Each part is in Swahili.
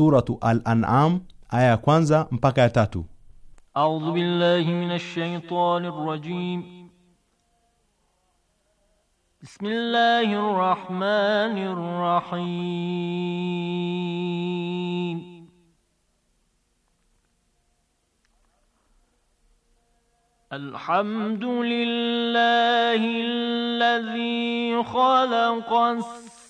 suratu Al-An'am aya ya kwanza mpaka ya tatu. A'udhu billahi minash shaitanir rajim. Bismillahir rahmanir rahim. Alhamdulillahi alladhi الذي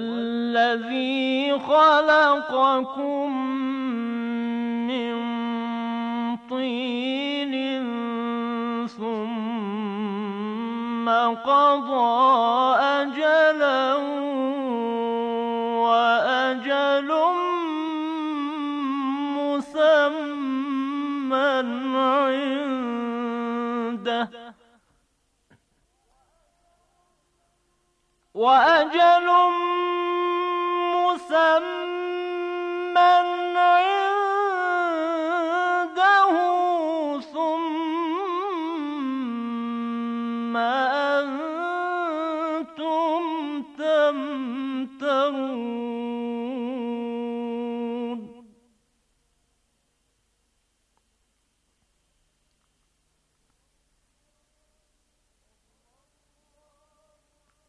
والذي خلقكم من طين ثم قضى أجلاً وأجل مسمى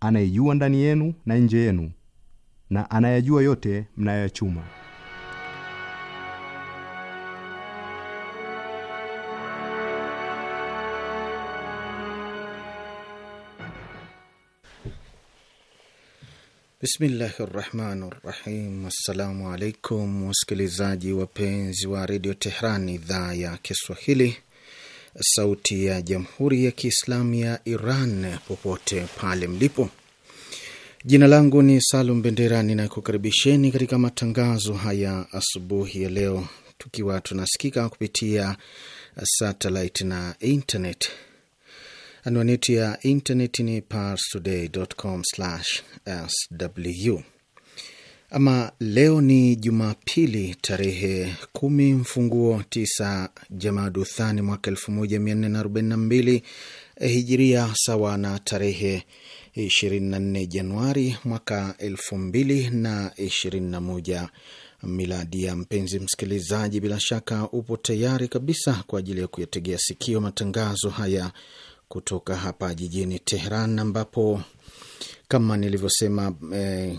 anayejua ndani yenu na nje yenu na anayajua yote mnayoyachuma. Bismillahi rahmani rahim. Assalamu alaikum wasikilizaji wapenzi wa redio Tehran, idhaa ya Kiswahili, sauti ya jamhuri ya kiislamu ya Iran popote pale mlipo. Jina langu ni Salum Bendera, ninakukaribisheni katika matangazo haya asubuhi ya leo, tukiwa tunasikika kupitia satelit na internet. Anwani yetu ya internet ni parstoday.com/sw ama leo ni Jumapili tarehe kumi mfunguo tisa Jamadu Thani mwaka elfu moja mia nne na arobaini na mbili eh, hijiria sawa na tarehe 24 Januari mwaka elfu mbili na ishirini na moja miladi ya. Mpenzi msikilizaji, bila shaka upo tayari kabisa kwa ajili ya kuyategea sikio matangazo haya kutoka hapa jijini teheran ambapo kama nilivyosema eh,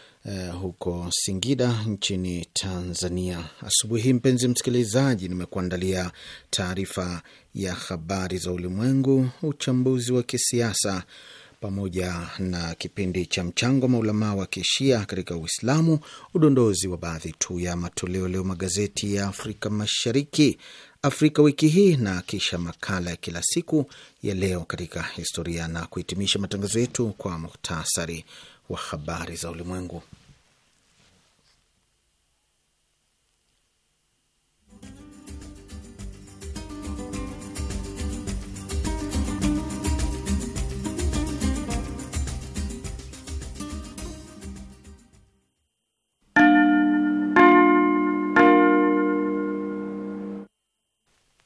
eh, huko Singida nchini Tanzania. Asubuhi hii mpenzi msikilizaji, nimekuandalia taarifa ya habari za ulimwengu, uchambuzi wa kisiasa, pamoja na kipindi cha mchango wa maulamaa wa kishia katika Uislamu, udondozi wa baadhi tu ya matoleo leo magazeti ya Afrika Mashariki, Afrika wiki hii, na kisha makala ya kila siku ya leo katika historia, na kuhitimisha matangazo yetu kwa muhtasari wa habari za ulimwengu.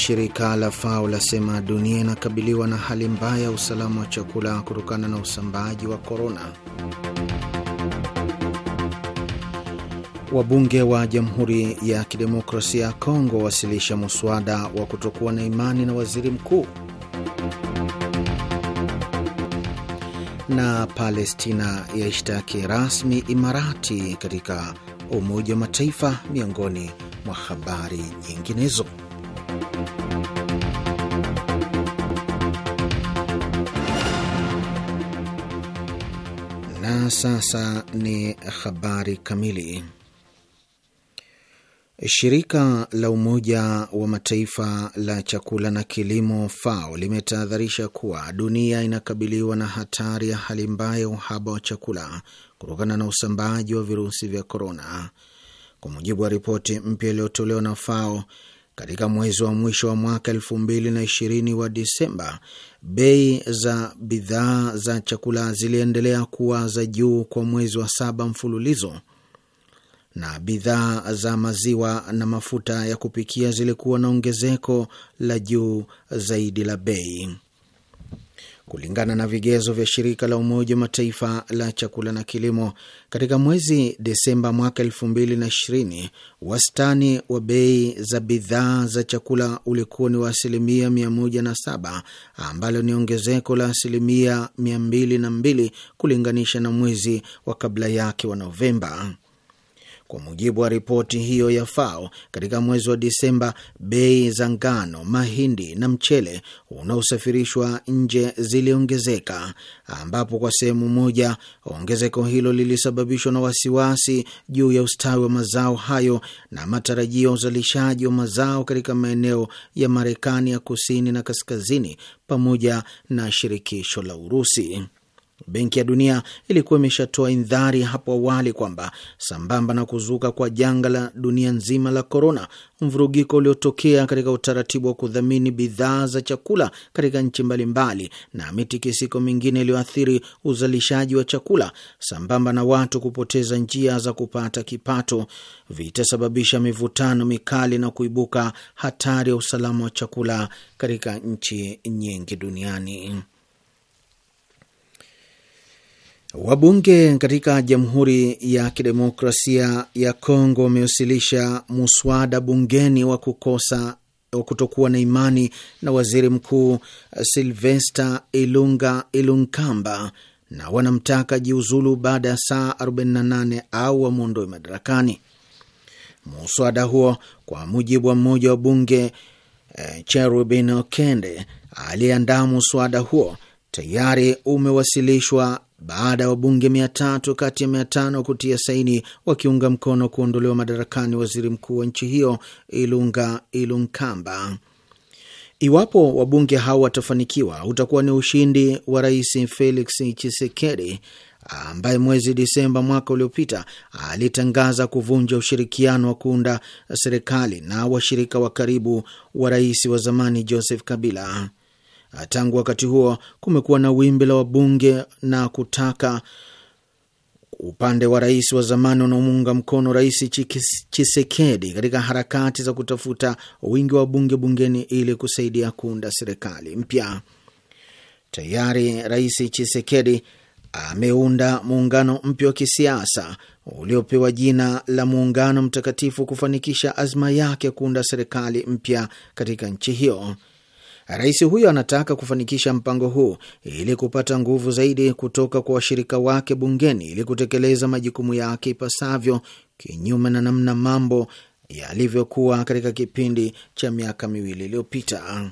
Shirika la FAO lasema dunia inakabiliwa na hali mbaya ya usalama wa chakula kutokana na usambaaji wa korona. Wabunge wa Jamhuri ya Kidemokrasia ya Kongo wawasilisha muswada wa kutokuwa na imani na waziri mkuu. Na Palestina yaishtaki rasmi Imarati katika Umoja wa Mataifa, miongoni mwa habari nyinginezo. Na sasa ni habari kamili. Shirika la Umoja wa Mataifa la chakula na kilimo FAO limetahadharisha kuwa dunia inakabiliwa na hatari ya hali mbaya ya uhaba wa chakula kutokana na usambaaji wa virusi vya korona. Kwa mujibu wa ripoti mpya iliyotolewa na FAO, katika mwezi wa mwisho wa mwaka elfu mbili na ishirini wa Disemba, bei za bidhaa za chakula ziliendelea kuwa za juu kwa mwezi wa saba mfululizo, na bidhaa za maziwa na mafuta ya kupikia zilikuwa na ongezeko la juu zaidi la bei kulingana na vigezo vya shirika la Umoja wa Mataifa la chakula na kilimo. Katika mwezi Desemba mwaka elfu mbili na ishirini, wastani wa bei za bidhaa za chakula ulikuwa ni wa asilimia mia moja na saba ambalo ni ongezeko la asilimia mia mbili na mbili kulinganisha na mwezi wa kabla yake wa Novemba. Kwa mujibu wa ripoti hiyo ya FAO, katika mwezi wa Disemba bei za ngano, mahindi na mchele unaosafirishwa nje ziliongezeka, ambapo kwa sehemu moja ongezeko hilo lilisababishwa na wasiwasi juu ya ustawi wa mazao hayo na matarajio ya uzalishaji wa mazao katika maeneo ya Marekani ya kusini na kaskazini pamoja na shirikisho la Urusi. Benki ya Dunia ilikuwa imeshatoa indhari hapo awali kwamba sambamba na kuzuka kwa janga la dunia nzima la korona, mvurugiko uliotokea katika utaratibu wa kudhamini bidhaa za chakula katika nchi mbalimbali na mitikisiko mingine iliyoathiri uzalishaji wa chakula sambamba na watu kupoteza njia za kupata kipato vitasababisha mivutano mikali na kuibuka hatari ya usalama wa chakula katika nchi nyingi duniani. Wabunge katika Jamhuri ya Kidemokrasia ya Kongo wamewasilisha muswada bungeni wa kukosa wa kutokuwa na imani na waziri mkuu eh, Silvester Ilunga Ilunkamba na wanamtaka jiuzulu baada ya saa 48 au wamwondoe madarakani. Muswada huo kwa mujibu wa mmoja wa bunge eh, Cherubin Okende aliyeandaa muswada huo tayari umewasilishwa baada ya wabunge mia tatu kati ya mia tano kutia saini wakiunga mkono kuondolewa madarakani waziri mkuu wa nchi hiyo Ilunga Ilunkamba. Iwapo wabunge hao watafanikiwa, utakuwa ni ushindi wa Rais Felix chisekedi ambaye mwezi Disemba mwaka uliopita alitangaza kuvunja ushirikiano wa kuunda serikali na washirika wa karibu wa rais wa zamani Joseph Kabila. Ah, tangu wakati huo kumekuwa na wimbi la wabunge na kutaka upande wa rais wa zamani unaomuunga mkono Rais Chisekedi katika harakati za kutafuta wingi wa bunge bungeni ili kusaidia kuunda serikali mpya. Tayari Rais Chisekedi ameunda muungano mpya wa kisiasa uliopewa jina la Muungano Mtakatifu kufanikisha azma yake kuunda serikali mpya katika nchi hiyo. Rais huyo anataka kufanikisha mpango huu ili kupata nguvu zaidi kutoka kwa washirika wake bungeni ili kutekeleza majukumu yake ipasavyo, kinyume na namna mambo yalivyokuwa katika kipindi cha miaka miwili iliyopita.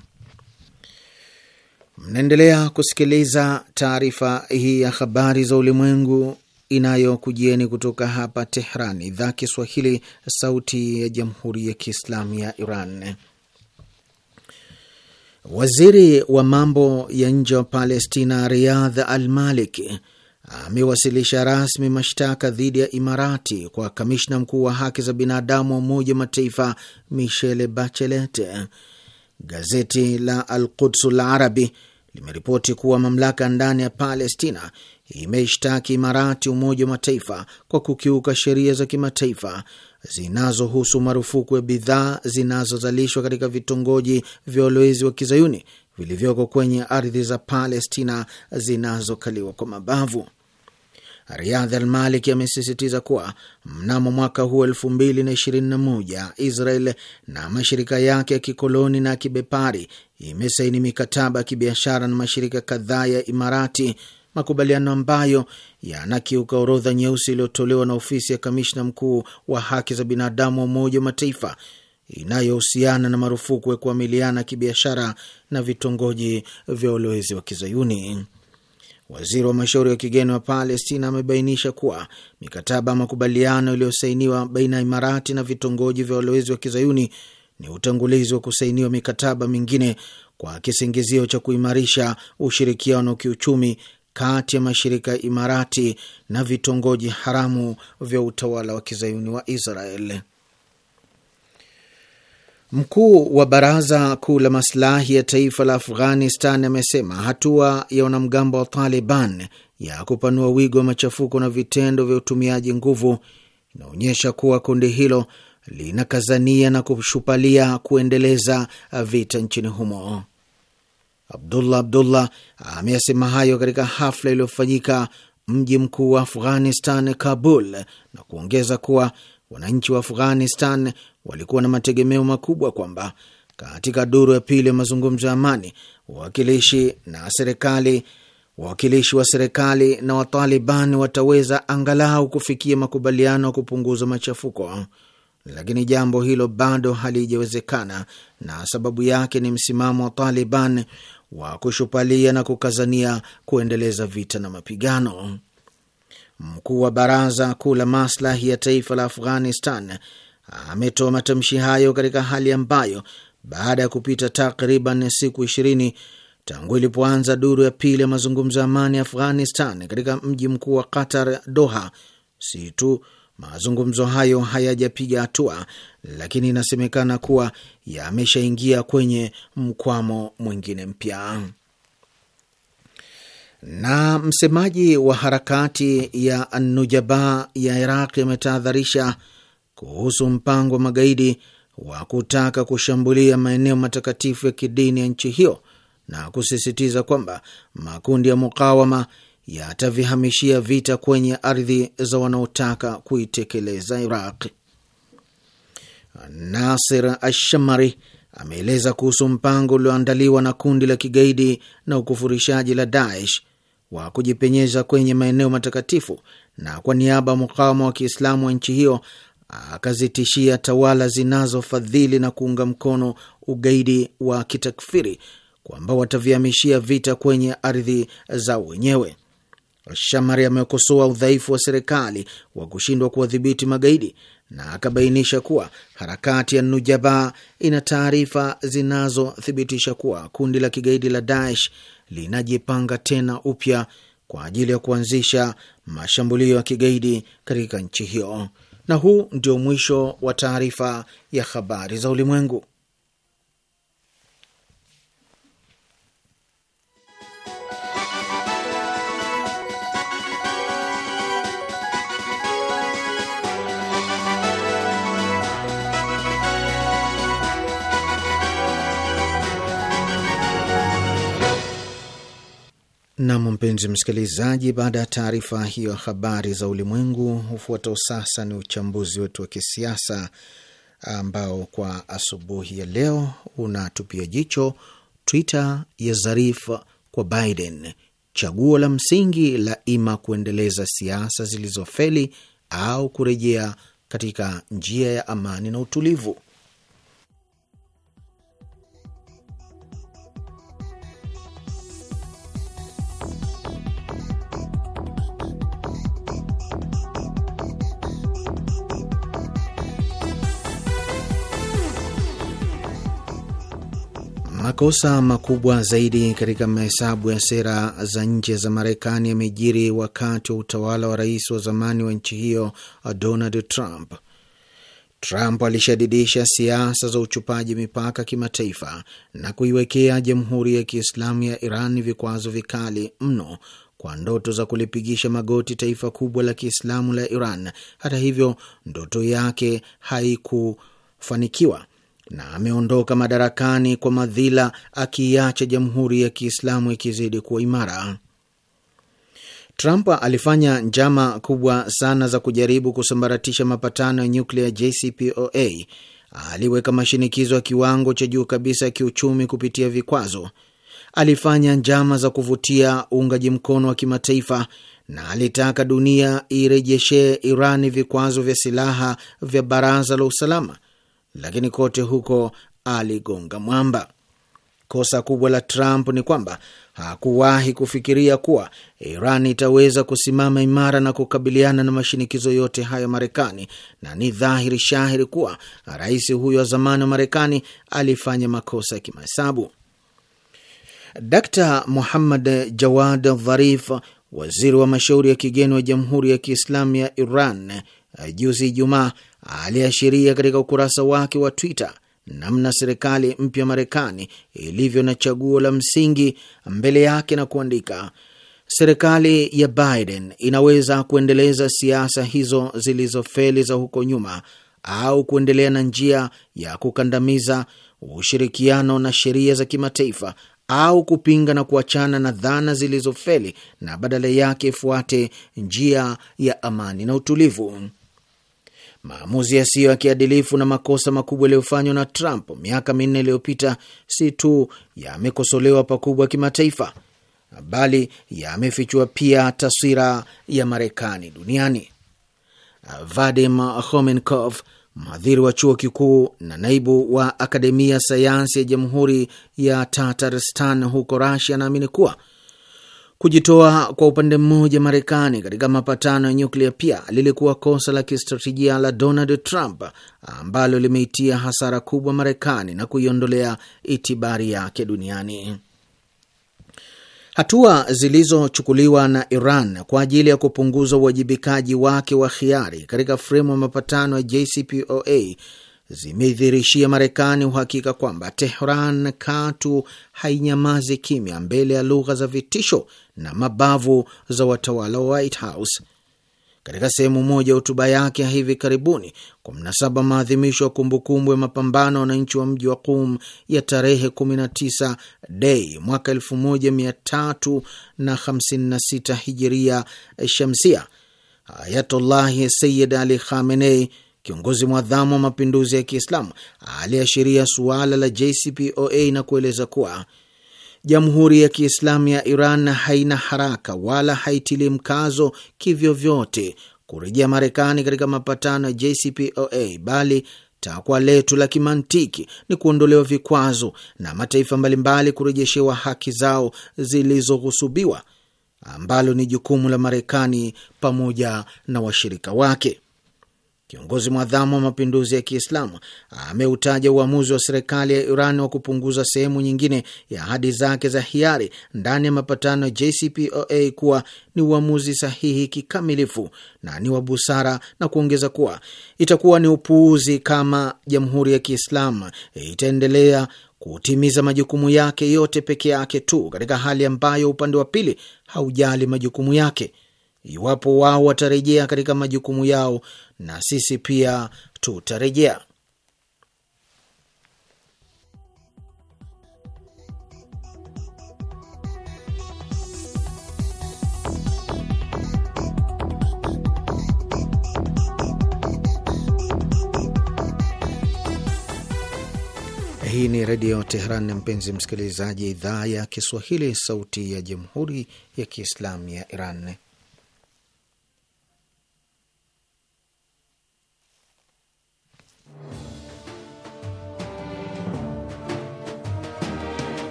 Mnaendelea kusikiliza taarifa hii ya habari za ulimwengu inayokujieni kutoka hapa Tehran, idhaa Kiswahili, sauti ya jamhuri ya kiislamu ya Iran. Waziri wa mambo ya nje wa Palestina Riyadh Al Malik amewasilisha rasmi mashtaka dhidi ya Imarati kwa kamishna mkuu wa haki za binadamu wa Umoja wa Mataifa Michele Bachelet. Gazeti la Al Qudsul Arabi limeripoti kuwa mamlaka ndani ya Palestina imeishtaki Imarati Umoja wa Mataifa kwa kukiuka sheria za kimataifa zinazohusu marufuku ya bidhaa zinazozalishwa katika vitongoji vya walowezi wa kizayuni vilivyoko kwenye ardhi za Palestina zinazokaliwa kwa mabavu. Al Almalik amesisitiza kuwa mnamo mwaka huu elfu mbili na ishirini na moja Israel na mashirika yake ya kikoloni na kibepari imesaini mikataba ya kibiashara na mashirika kadhaa ya Imarati makubaliano ambayo yanakiuka orodha nyeusi iliyotolewa na ofisi ya kamishna mkuu wa haki za binadamu wa Umoja wa Mataifa inayohusiana na marufuku ya kuamiliana kibiashara na vitongoji vya ulowezi wa Kizayuni. Waziri wa mashauri ya kigeni wa Palestina amebainisha kuwa mikataba ya makubaliano iliyosainiwa baina ya Imarati na vitongoji vya walowezi wa Kizayuni ni utangulizi wa kusainiwa mikataba mingine kwa kisingizio cha kuimarisha ushirikiano wa kiuchumi kati ya mashirika ya Imarati na vitongoji haramu vya utawala wa kizayuni wa Israel. Mkuu wa baraza kuu la maslahi ya taifa la Afghanistan amesema hatua ya wanamgambo wa Taliban ya kupanua wigo wa machafuko na vitendo vya utumiaji nguvu inaonyesha kuwa kundi hilo linakazania na kushupalia kuendeleza vita nchini humo. Abdullah Abdullah ameyasema hayo katika hafla iliyofanyika mji mkuu wa Afghanistan, Kabul, na kuongeza kuwa wananchi wa Afghanistan walikuwa na mategemeo makubwa kwamba katika duru ya pili ya mazungumzo ya amani wawakilishi na serikali wawakilishi wa serikali na Wataliban wataweza angalau kufikia makubaliano ya kupunguza machafuko, lakini jambo hilo bado halijawezekana, na sababu yake ni msimamo wa Taliban wa kushupalia na kukazania kuendeleza vita na mapigano. Mkuu wa Baraza Kuu la Maslahi ya Taifa la Afghanistan ametoa matamshi hayo katika hali ambayo baada ya kupita takriban siku ishirini tangu ilipoanza duru ya pili ya mazungumzo ya amani ya Afghanistan katika mji mkuu wa Qatar, Doha, si tu Mazungumzo hayo hayajapiga hatua, lakini inasemekana kuwa yameshaingia kwenye mkwamo mwingine mpya. Na msemaji wa harakati ya nujaba ya Iraq ametahadharisha kuhusu mpango wa magaidi wa kutaka kushambulia maeneo matakatifu ya kidini ya nchi hiyo na kusisitiza kwamba makundi ya mukawama yatavihamishia vita kwenye ardhi za wanaotaka kuitekeleza Iraq. Nasir Ashamari ameeleza kuhusu mpango ulioandaliwa na kundi la kigaidi na ukufurishaji la Daesh wa kujipenyeza kwenye maeneo matakatifu na kwa niaba ya mukawama wa Kiislamu wa nchi hiyo akazitishia tawala zinazofadhili na kuunga mkono ugaidi wa kitakfiri kwamba watavihamishia vita kwenye ardhi za wenyewe. Shamari amekosoa udhaifu wa serikali wa kushindwa kuwadhibiti magaidi na akabainisha kuwa harakati ya Nujaba ina taarifa zinazothibitisha kuwa kundi la kigaidi la Daesh linajipanga tena upya kwa ajili ya kuanzisha mashambulio ya kigaidi katika nchi hiyo. Na huu ndio mwisho wa taarifa ya habari za ulimwengu. Nam, mpenzi msikilizaji, baada ya taarifa hiyo habari za ulimwengu, hufuatao sasa ni uchambuzi wetu wa kisiasa ambao kwa asubuhi ya leo unatupia jicho Twitter ya Zarif kwa Biden, chaguo la msingi la ima kuendeleza siasa zilizofeli au kurejea katika njia ya amani na utulivu. Makosa makubwa zaidi katika mahesabu ya sera za nje za Marekani yamejiri wakati wa utawala wa rais wa zamani wa nchi hiyo Donald Trump. Trump alishadidisha siasa za uchupaji mipaka kimataifa na kuiwekea Jamhuri ya Kiislamu ya Iran vikwazo vikali mno kwa ndoto za kulipigisha magoti taifa kubwa la Kiislamu la Iran. Hata hivyo, ndoto yake haikufanikiwa na ameondoka madarakani kwa madhila, akiiacha jamhuri ya Kiislamu ikizidi kuwa imara. Trump alifanya njama kubwa sana za kujaribu kusambaratisha mapatano ya nyuklia ya JCPOA. Aliweka mashinikizo ya kiwango cha juu kabisa ya kiuchumi kupitia vikwazo. Alifanya njama za kuvutia uungaji mkono wa kimataifa na alitaka dunia irejeshee Irani vikwazo vya silaha vya Baraza la Usalama lakini kote huko aligonga mwamba. Kosa kubwa la Trump ni kwamba hakuwahi kufikiria kuwa Iran itaweza kusimama imara na kukabiliana na mashinikizo yote hayo Marekani, na ni dhahiri shahiri kuwa rais huyo wa zamani wa Marekani alifanya makosa ya kimahesabu. d Muhammad Jawad Dharif, waziri wa mashauri ya kigeni wa Jamhuri ya Kiislamu ya Iran, juzi Ijumaa aliashiria katika ukurasa wake wa Twitter namna serikali mpya Marekani ilivyo na chaguo la msingi mbele yake na kuandika, serikali ya Biden inaweza kuendeleza siasa hizo zilizofeli za huko nyuma au kuendelea na njia ya kukandamiza ushirikiano na sheria za kimataifa au kupinga na kuachana na dhana zilizofeli na badala yake ifuate njia ya amani na utulivu. Maamuzi yasiyo ya kiadilifu na makosa makubwa yaliyofanywa na Trump miaka minne iliyopita si tu yamekosolewa pakubwa kimataifa, bali yamefichua pia taswira ya Marekani duniani. Vadim Homenkov, mhadhiri wa chuo kikuu na naibu wa akademia sayansi ya jamhuri ya Tatarstan huko Rasia, anaamini kuwa Kujitoa kwa upande mmoja Marekani katika mapatano ya nyuklia pia lilikuwa kosa la kistratejia la Donald Trump ambalo limeitia hasara kubwa Marekani na kuiondolea itibari yake duniani. Hatua zilizochukuliwa na Iran kwa ajili ya kupunguza uwajibikaji wake wa hiari katika fremu ya mapatano ya JCPOA zimeidhirishia Marekani uhakika kwamba Tehran katu hainyamazi kimya mbele ya lugha za vitisho na mabavu za watawala wa White House. Katika sehemu moja ya hotuba yake ya hivi karibuni kwa mnasaba maadhimisho ya kumbukumbu ya mapambano ya wananchi wa mji wa Qum ya tarehe 19 Dei mwaka 1356 Hijiria Shamsia, Ayatullahi sayid Ali Khamenei, kiongozi mwadhamu wa mapinduzi ya Kiislamu, aliashiria suala la JCPOA na kueleza kuwa Jamhuri ya Kiislamu ya Iran haina haraka wala haitili mkazo kivyovyote kurejea Marekani katika mapatano ya JCPOA, bali takwa letu la kimantiki ni kuondolewa vikwazo na mataifa mbalimbali kurejeshewa haki zao zilizohusubiwa ambalo ni jukumu la Marekani pamoja na washirika wake. Kiongozi mwadhamu wa mapinduzi ya Kiislamu ameutaja uamuzi wa serikali ya Iran wa kupunguza sehemu nyingine ya ahadi zake za hiari ndani ya mapatano ya JCPOA kuwa ni uamuzi sahihi kikamilifu na ni wa busara, na kuongeza kuwa itakuwa ni upuuzi kama Jamhuri ya Kiislamu itaendelea kutimiza majukumu yake yote peke yake tu katika hali ambayo upande wa pili haujali majukumu yake iwapo wao watarejea katika majukumu yao na sisi pia tutarejea. Hii ni Redio Teheran, mpenzi msikilizaji, idhaa ya Kiswahili, sauti ya Jamhuri ya Kiislamu ya Iran.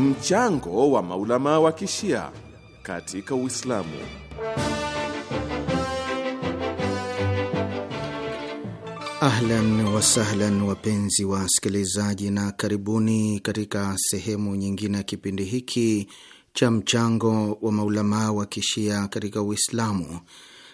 Mchango wa maulama wa kishia katika Uislamu. Ahlan wasahlan, wapenzi wa sikilizaji, na karibuni katika sehemu nyingine ya kipindi hiki cha mchango wa maulamaa wa kishia katika Uislamu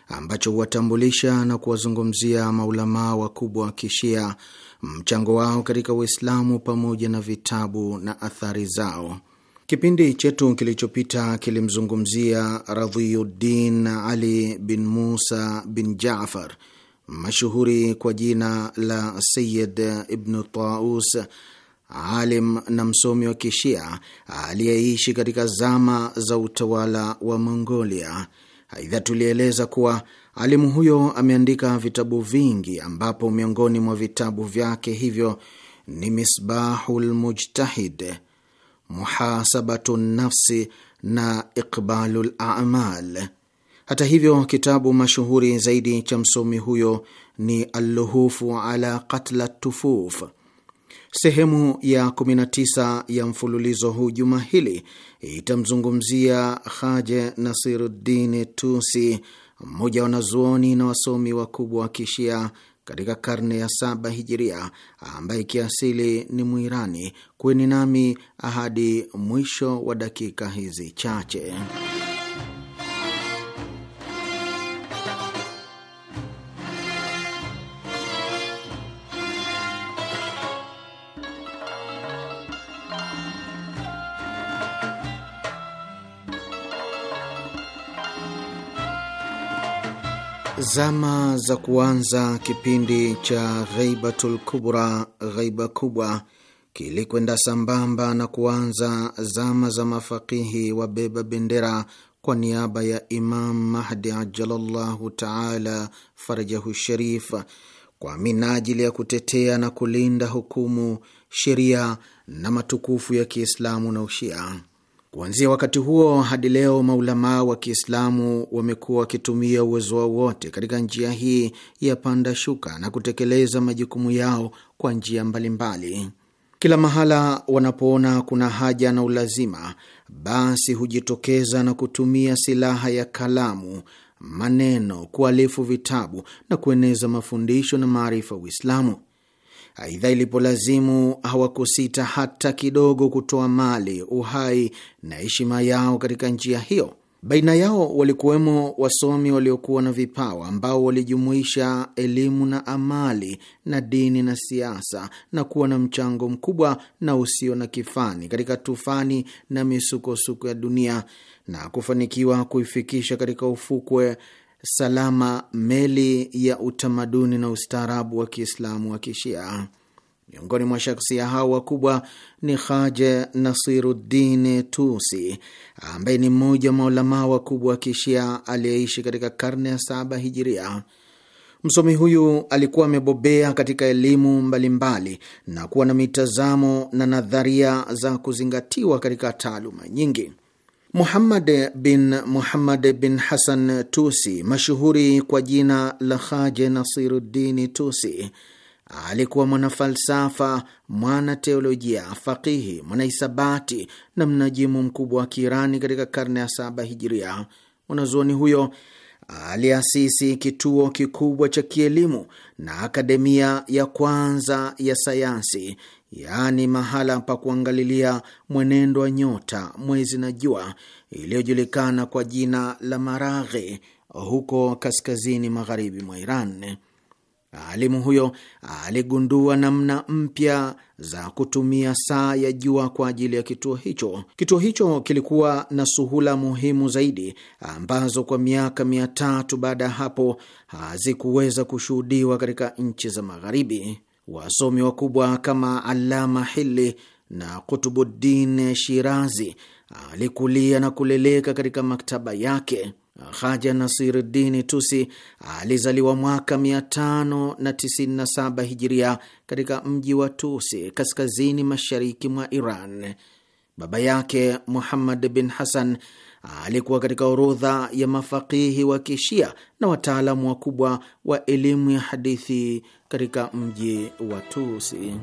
ambacho huwatambulisha na kuwazungumzia maulamaa wakubwa wa Kishia, mchango wao katika Uislamu pamoja na vitabu na athari zao. Kipindi chetu kilichopita kilimzungumzia Radhiyuddin Ali bin Musa bin Jafar, mashuhuri kwa jina la Sayid Ibnu Taus, alim na msomi wa Kishia aliyeishi katika zama za utawala wa Mongolia. Aidha, tulieleza kuwa alimu huyo ameandika vitabu vingi, ambapo miongoni mwa vitabu vyake hivyo ni Misbahu lmujtahid, Muhasabatu nafsi na Iqbalu lamal. Hata hivyo, kitabu mashuhuri zaidi cha msomi huyo ni Alluhufu ala qatla tufuf Sehemu ya 19 ya mfululizo huu juma hili itamzungumzia Haje Nasiruddin Tusi, mmoja wa wanazuoni na wasomi wakubwa wa kishia katika karne ya saba hijiria, ambaye kiasili ni Mwirani. Kuweni nami ahadi mwisho wa dakika hizi chache. Zama za kuanza kipindi cha Ghaibatul Kubra, ghaiba kubwa, kilikwenda sambamba na kuanza zama za mafakihi wabeba bendera kwa niaba ya Imam Mahdi ajalallahu taala farajahu sharif kwa minajili ya kutetea na kulinda hukumu, sheria na matukufu ya Kiislamu na Ushia. Kuanzia wakati huo hadi leo maulamaa wa Kiislamu wamekuwa wakitumia uwezo wao wote katika njia hii ya panda shuka na kutekeleza majukumu yao kwa njia mbalimbali. Kila mahala wanapoona kuna haja na ulazima, basi hujitokeza na kutumia silaha ya kalamu, maneno, kualifu vitabu na kueneza mafundisho na maarifa Uislamu. Aidha, ilipolazimu hawakusita hata kidogo kutoa mali, uhai na heshima yao katika njia hiyo. Baina yao walikuwemo wasomi waliokuwa na vipawa ambao walijumuisha elimu na amali na dini na siasa na kuwa na mchango mkubwa na usio na kifani katika tufani na misukosuko ya dunia na kufanikiwa kuifikisha katika ufukwe salama meli ya utamaduni na ustaarabu wa Kiislamu wa Kishia. Miongoni mwa shaksia hao wakubwa ni Haje Nasiruddin Tusi, ambaye ni mmoja wa maulamaa wakubwa wa Kishia aliyeishi katika karne ya saba Hijiria. Msomi huyu alikuwa amebobea katika elimu mbalimbali na kuwa na mitazamo na nadharia za kuzingatiwa katika taaluma nyingi. Muhammad bin Muhammad bin Hasan Tusi, mashuhuri kwa jina la Haje Nasiruddini Tusi, alikuwa mwanafalsafa, mwanateolojia, faqihi, mwanahisabati na mnajimu mkubwa wa Kiirani katika karne ya saba Hijiria. Mwanazuoni huyo aliasisi kituo kikubwa cha kielimu na akademia ya kwanza ya sayansi, yaani mahala pa kuangalilia mwenendo wa nyota, mwezi na jua, iliyojulikana kwa jina la Maraghi huko kaskazini magharibi mwa Iran. Alimu huyo aligundua namna mpya za kutumia saa ya jua kwa ajili ya kituo hicho. Kituo hicho kilikuwa na suhula muhimu zaidi ambazo kwa miaka mia tatu baada ya hapo hazikuweza kushuhudiwa katika nchi za Magharibi. Wasomi wakubwa kama Alama Hili na Kutubuddin Shirazi alikulia na kuleleka katika maktaba yake. Haja Nasiruddini Tusi alizaliwa mwaka 597 hijiria katika mji wa Tusi, kaskazini mashariki mwa Iran. Baba yake Muhammad bin Hasan alikuwa katika orodha ya mafakihi wa Kishia na wataalamu wakubwa wa elimu ya hadithi katika mji wa Tusi.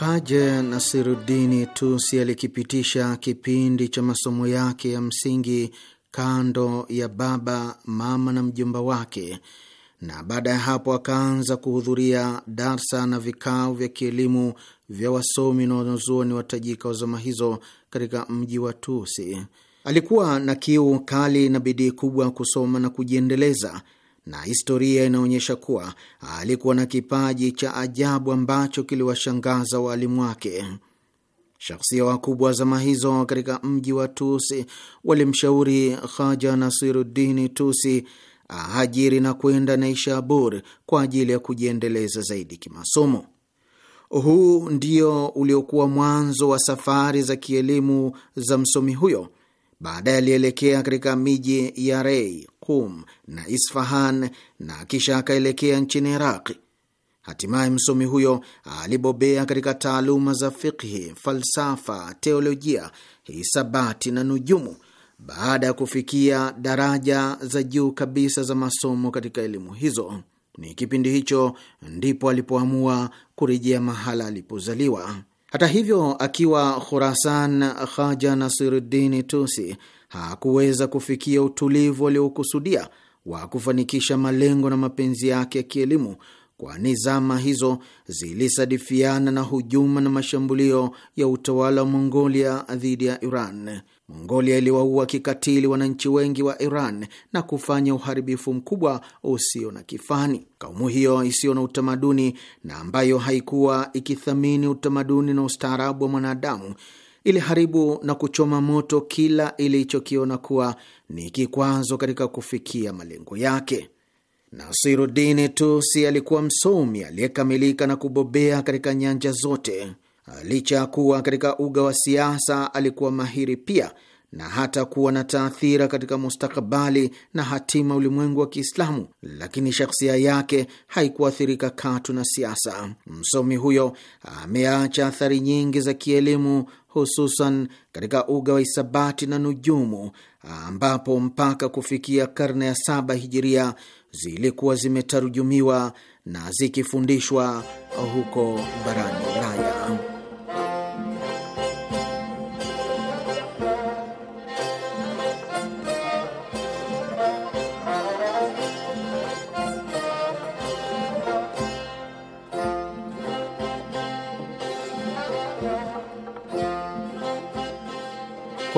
Haja Nasiruddini Tusi alikipitisha kipindi cha masomo yake ya msingi kando ya baba, mama na mjomba wake, na baada ya hapo akaanza kuhudhuria darsa na vikao vya kielimu vya wasomi na wanazuoni watajika wa zama hizo katika mji wa Tusi. Alikuwa na kiu kali na bidii kubwa kusoma na kujiendeleza na historia inaonyesha kuwa alikuwa na kipaji cha ajabu ambacho kiliwashangaza waalimu wake. Shakhsia wakubwa zama hizo katika mji wa Tusi walimshauri Haja nasirudini Tusi ahajiri na kwenda Naishabur kwa ajili ya kujiendeleza zaidi kimasomo. Huu ndio uliokuwa mwanzo wa safari za kielimu za msomi huyo Baadaye alielekea katika miji ya Rei, Qum na Isfahan na kisha akaelekea nchini Iraqi. Hatimaye msomi huyo alibobea katika taaluma za fikhi, falsafa, teolojia, hisabati na nujumu, baada ya kufikia daraja za juu kabisa za masomo katika elimu hizo. Ni kipindi hicho ndipo alipoamua kurejea mahala alipozaliwa. Hata hivyo, akiwa Khurasan, Khaja Nasiruddin Tusi hakuweza kufikia utulivu aliokusudia wa kufanikisha malengo na mapenzi yake ya kielimu, kwani zama hizo zilisadifiana na hujuma na mashambulio ya utawala wa Mongolia dhidi ya Iran. Mongolia iliwaua kikatili wananchi wengi wa Iran na kufanya uharibifu mkubwa usio na kifani. Kaumu hiyo isiyo na utamaduni na ambayo haikuwa ikithamini utamaduni na ustaarabu wa mwanadamu iliharibu na kuchoma moto kila ilichokiona kuwa ni kikwazo katika kufikia malengo yake. Nasirudini Tusi alikuwa msomi aliyekamilika na kubobea katika nyanja zote licha ya kuwa katika uga wa siasa alikuwa mahiri pia na hata kuwa na taathira katika mustakabali na hatima ulimwengu wa Kiislamu, lakini shakhsia yake haikuathirika katu na siasa. Msomi huyo ameacha athari nyingi za kielimu, hususan katika uga wa isabati na nujumu, ambapo mpaka kufikia karne ya saba hijiria zilikuwa zimetarujumiwa na zikifundishwa huko barani Ulaya.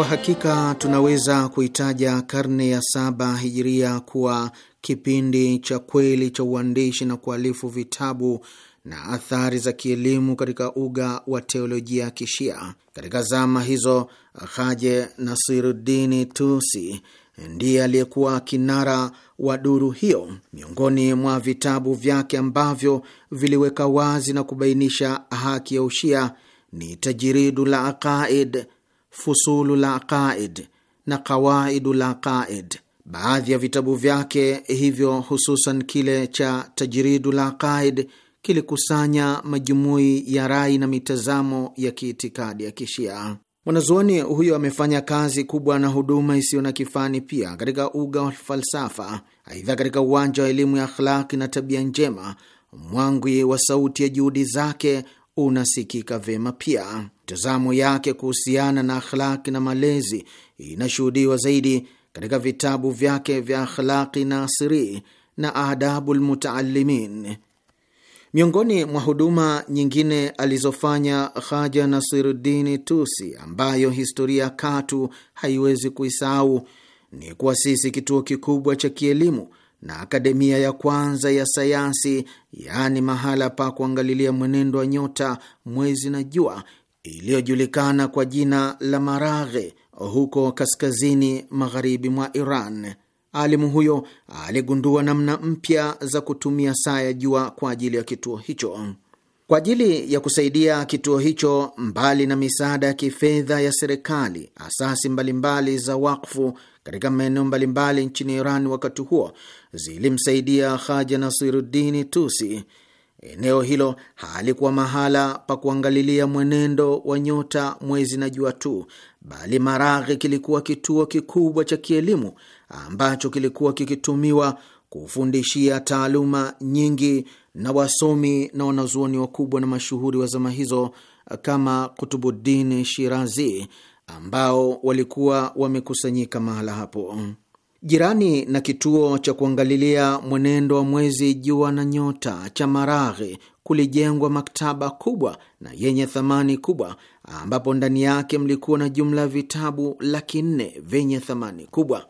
Kwa hakika tunaweza kuitaja karne ya saba hijiria kuwa kipindi cha kweli cha uandishi na kualifu vitabu na athari za kielimu katika uga wa teolojia Kishia. Katika zama hizo, Haje Nasiruddini Tusi ndiye aliyekuwa kinara wa duru hiyo. Miongoni mwa vitabu vyake ambavyo viliweka wazi na kubainisha haki ya Ushia ni Tajiridu la Aqaid Fusulul Aqaid na Qawaidul Aqaid. Baadhi ya vitabu vyake hivyo, hususan kile cha Tajridul Aqaid kilikusanya majumui ya rai na mitazamo ya kiitikadi ya Kishia. Mwanazuoni huyo amefanya kazi kubwa na huduma isiyo na kifani pia katika uga wa falsafa. Aidha, katika uwanja wa elimu ya akhlaki na tabia njema, mwangwi wa sauti ya juhudi zake unasikika vyema pia. Mtazamo yake kuhusiana na akhlaki na malezi inashuhudiwa zaidi katika vitabu vyake vya Akhlaqi Nasiri na Adabu Lmutaalimin. Miongoni mwa huduma nyingine alizofanya Haja nasirudini Tusi, ambayo historia katu haiwezi kuisahau, ni kuasisi kituo kikubwa cha kielimu na akademia ya kwanza ya sayansi, yaani mahala pa kuangalilia mwenendo wa nyota, mwezi na jua, iliyojulikana kwa jina la Maraghe huko kaskazini magharibi mwa Iran. Alimu huyo aligundua namna mpya za kutumia saa ya jua kwa ajili ya kituo hicho. Kwa ajili ya kusaidia kituo hicho, mbali na misaada ya kifedha ya serikali, asasi mbalimbali mbali za wakfu katika maeneo mbalimbali nchini Iran wakati huo zilimsaidia Haja Nasiruddin Tusi. Eneo hilo halikuwa mahala pa kuangalilia mwenendo wa nyota, mwezi na jua tu, bali Maraghi kilikuwa kituo kikubwa cha kielimu ambacho kilikuwa kikitumiwa kufundishia taaluma nyingi na wasomi na wanazuoni wakubwa na mashuhuri wa zama hizo kama Kutubuddin Shirazi ambao walikuwa wamekusanyika mahala hapo jirani na kituo cha kuangalilia mwenendo wa mwezi, jua na nyota cha Maraghi kulijengwa maktaba kubwa na yenye thamani kubwa, ambapo ndani yake mlikuwa na jumla ya vitabu laki nne vyenye thamani kubwa.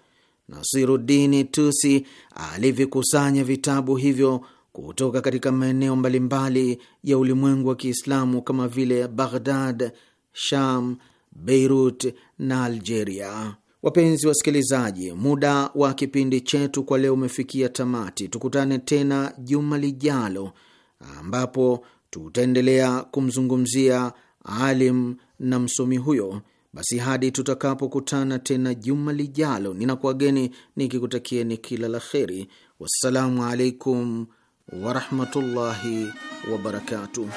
Nasirudini Tusi alivikusanya vitabu hivyo kutoka katika maeneo mbalimbali ya ulimwengu wa Kiislamu kama vile Baghdad, Sham, Beirut na Algeria. Wapenzi wasikilizaji, muda wa kipindi chetu kwa leo umefikia tamati. Tukutane tena juma lijalo, ambapo tutaendelea kumzungumzia alim na msomi huyo. Basi hadi tutakapokutana tena juma lijalo, ninakuwageni nikikutakieni kila la kheri. Wassalamu alaikum warahmatullahi wabarakatuh.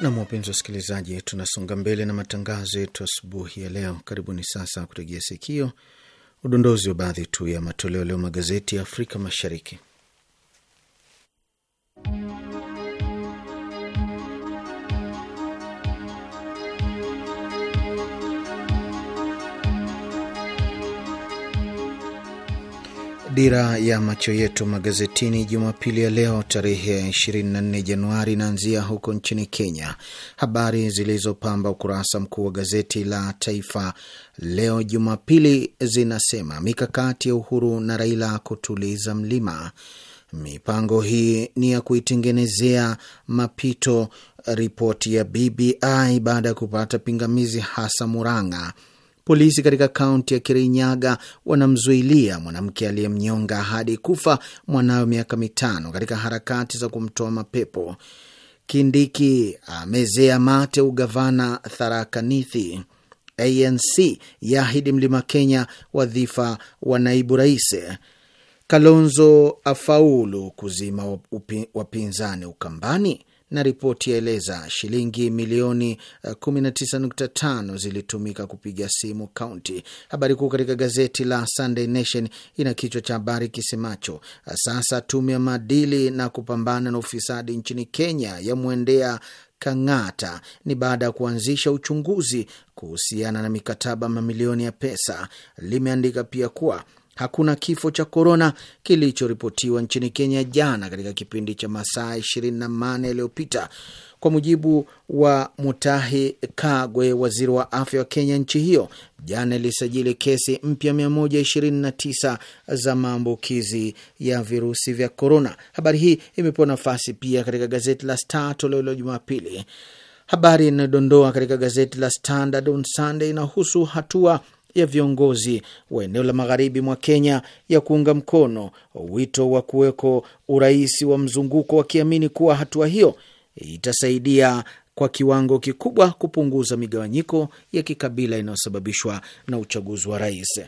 Nam, wapenzi wasikilizaji, tunasonga mbele na matangazo yetu asubuhi ya leo. Karibuni sasa kutegea sikio udondozi wa baadhi tu ya matoleo leo magazeti ya Afrika Mashariki. Dira ya macho yetu magazetini Jumapili ya leo tarehe 24 Januari inaanzia huko nchini Kenya. Habari zilizopamba ukurasa mkuu wa gazeti la Taifa leo Jumapili zinasema mikakati ya Uhuru na Raila kutuliza mlima, mipango hii ni ya kuitengenezea mapito ripoti ya BBI baada ya kupata pingamizi hasa Murang'a Polisi katika kaunti ya Kirinyaga wanamzuilia mwanamke aliyemnyonga hadi kufa mwanawe miaka mitano katika harakati za kumtoa mapepo. Kindiki amezea mate ugavana Tharakanithi. ANC yaahidi Mlima Kenya wadhifa wa naibu rais. Kalonzo afaulu kuzima wapinzani Ukambani na ripoti yaeleza shilingi milioni 19.5 eh, zilitumika kupiga simu kaunti. Habari kuu katika gazeti la Sunday Nation ina kichwa cha habari kisemacho eh, sasa tume ya maadili na kupambana na ufisadi nchini Kenya yamwendea Kang'ata. Ni baada ya kuanzisha uchunguzi kuhusiana na mikataba mamilioni ya pesa. Limeandika pia kuwa hakuna kifo cha korona kilichoripotiwa nchini Kenya jana katika kipindi cha masaa 24 yaliyopita, kwa mujibu wa Mutahi Kagwe, waziri wa afya wa Kenya. Nchi hiyo jana ilisajili kesi mpya 129 za maambukizi ya virusi vya korona. Habari hii imepewa nafasi pia katika gazeti la Star toleo la Jumapili. Habari inayodondoa katika gazeti la Standard on Sunday inahusu hatua ya viongozi wa eneo la magharibi mwa Kenya ya kuunga mkono wito wa kuweko urais wa mzunguko, wakiamini kuwa hatua hiyo itasaidia kwa kiwango kikubwa kupunguza migawanyiko ya kikabila inayosababishwa na uchaguzi wa rais.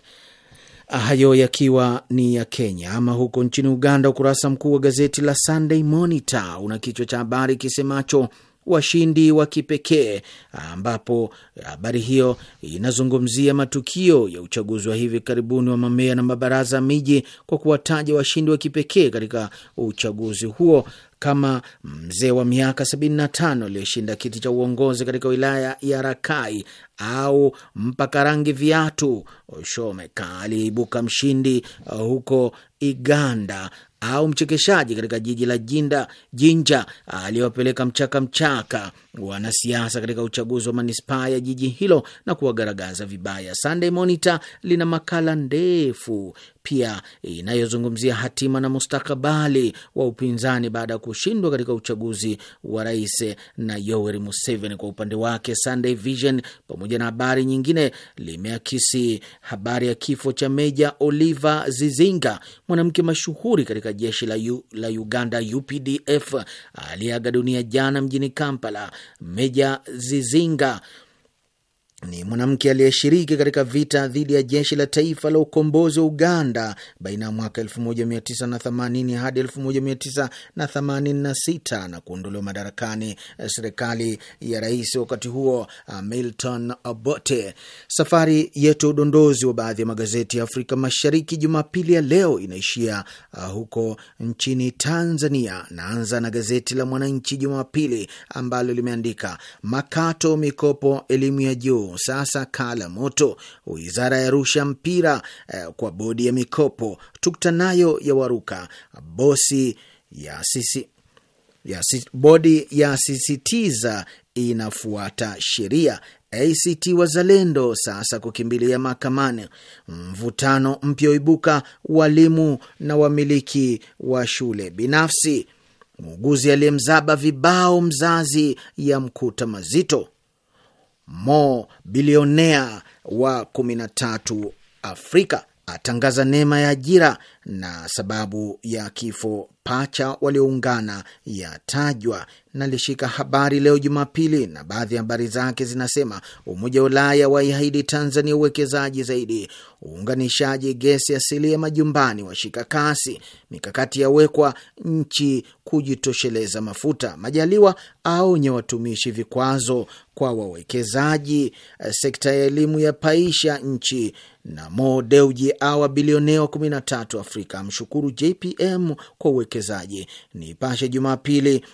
Hayo yakiwa ni ya Kenya. Ama huko nchini Uganda, ukurasa mkuu wa gazeti la Sunday Monitor una kichwa cha habari kisemacho washindi wa kipekee, ambapo habari hiyo inazungumzia matukio ya uchaguzi wa hivi karibuni wa mamea na mabaraza ya miji kwa kuwataja washindi wa, kipekee katika uchaguzi huo kama mzee wa miaka 75 aliyeshinda kiti cha uongozi katika wilaya ya Rakai au mpaka rangi viatu Shomeka aliyeibuka mshindi uh, huko Iganda au mchekeshaji katika jiji la Jinda Jinja aliyewapeleka mchaka mchaka wanasiasa katika uchaguzi wa manispaa ya jiji hilo na kuwagaragaza vibaya. Sunday Monitor lina makala ndefu pia inayozungumzia hatima na mustakabali wa upinzani baada ya kushindwa katika uchaguzi wa rais na Yoweri Museveni. Kwa upande wake, Sunday Vision pamoja na habari nyingine limeakisi habari ya kifo cha Meja Oliver Zizinga, mwanamke mashuhuri katika jeshi la, U, la Uganda UPDF aliyeaga dunia jana mjini Kampala. Meja Zizinga ni mwanamke aliyeshiriki katika vita dhidi ya jeshi la taifa la ukombozi wa Uganda baina ya mwaka 1980 hadi 1986 na, na kuondolewa madarakani serikali ya rais wakati huo uh, Milton Obote. Safari yetu ya udondozi wa baadhi ya magazeti ya Afrika Mashariki Jumapili ya leo inaishia uh, huko nchini Tanzania. Naanza na gazeti la Mwananchi Jumapili ambalo limeandika makato, mikopo, elimu ya juu sasa kaa la moto. Wizara ya rusha mpira eh, kwa bodi ya mikopo. nayo ya waruka bosi ya sisi ya si, bodi sisitiza inafuata sheria. ACT Wazalendo sasa kukimbilia mahakamani. Mvutano mpya ibuka walimu na wamiliki wa shule binafsi. Muuguzi aliyemzaba vibao mzazi ya mkuta mazito. Mo, bilionea wa 13 Afrika atangaza neema ya ajira na sababu ya kifo pacha walioungana yatajwa nalishika habari leo Jumapili, na baadhi ya habari zake zinasema Umoja wa Ulaya waiahidi Tanzania uwekezaji zaidi, uunganishaji gesi asilia majumbani washika kasi, mikakati yawekwa nchi kujitosheleza mafuta, Majaliwa aonye watumishi vikwazo kwa wawekezaji, sekta ya elimu ya paisha nchi, na Mo Deuji awa bilionea wa 13 Afrika, mshukuru JPM kwa uwekezaji. Nipashe Jumapili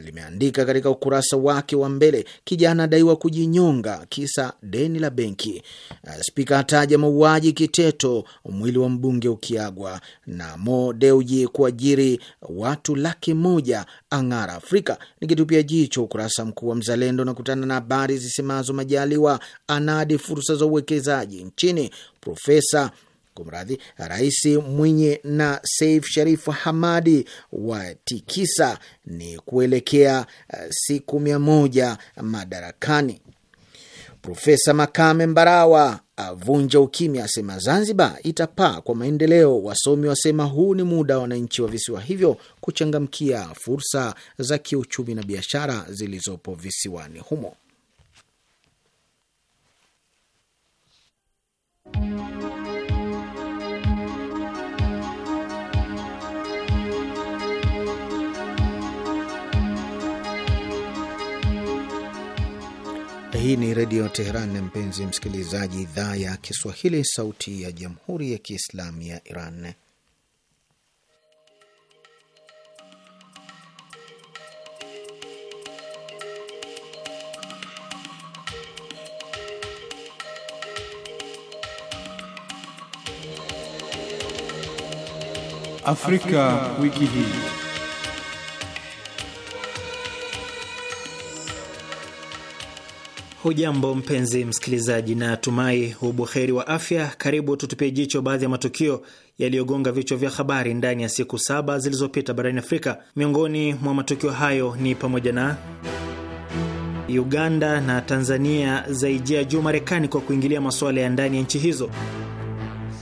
limeandika katika ukurasa wake wa mbele, kijana daiwa kujinyonga kisa deni la benki. Eh, spika ataja mauaji Kiteto, mwili wa mbunge ukiagwa, na Mo Deuji kuajiri watu laki moja ang'ara Afrika. Nikitupia jicho ukurasa mkuu wa Mzalendo na kutana na habari zisemazo Majaliwa anadi fursa za uwekezaji nchini, Profesa Kumradhi, Rais Mwinyi na Saif Sharif Hamadi watikisa ni kuelekea eh, siku mia moja madarakani. Profesa Makame Mbarawa avunja ukimya, asema Zanzibar itapaa kwa maendeleo. Wasomi wasema huu ni muda wa wananchi wa visiwa hivyo kuchangamkia fursa za kiuchumi na biashara zilizopo visiwani humo. Hii ni Redio Teheran mpenzi msikilizaji, idhaa ya Kiswahili, sauti ya jamhuri ya kiislamu ya Iran. Afrika, Afrika wiki hii. Hujambo mpenzi msikilizaji, na tumai ubuheri wa afya. Karibu tutupie jicho baadhi ya matukio yaliyogonga vichwa vya habari ndani ya siku saba zilizopita barani Afrika. Miongoni mwa matukio hayo ni pamoja na Uganda na Tanzania zaijia juu Marekani kwa kuingilia masuala ya ndani ya nchi hizo,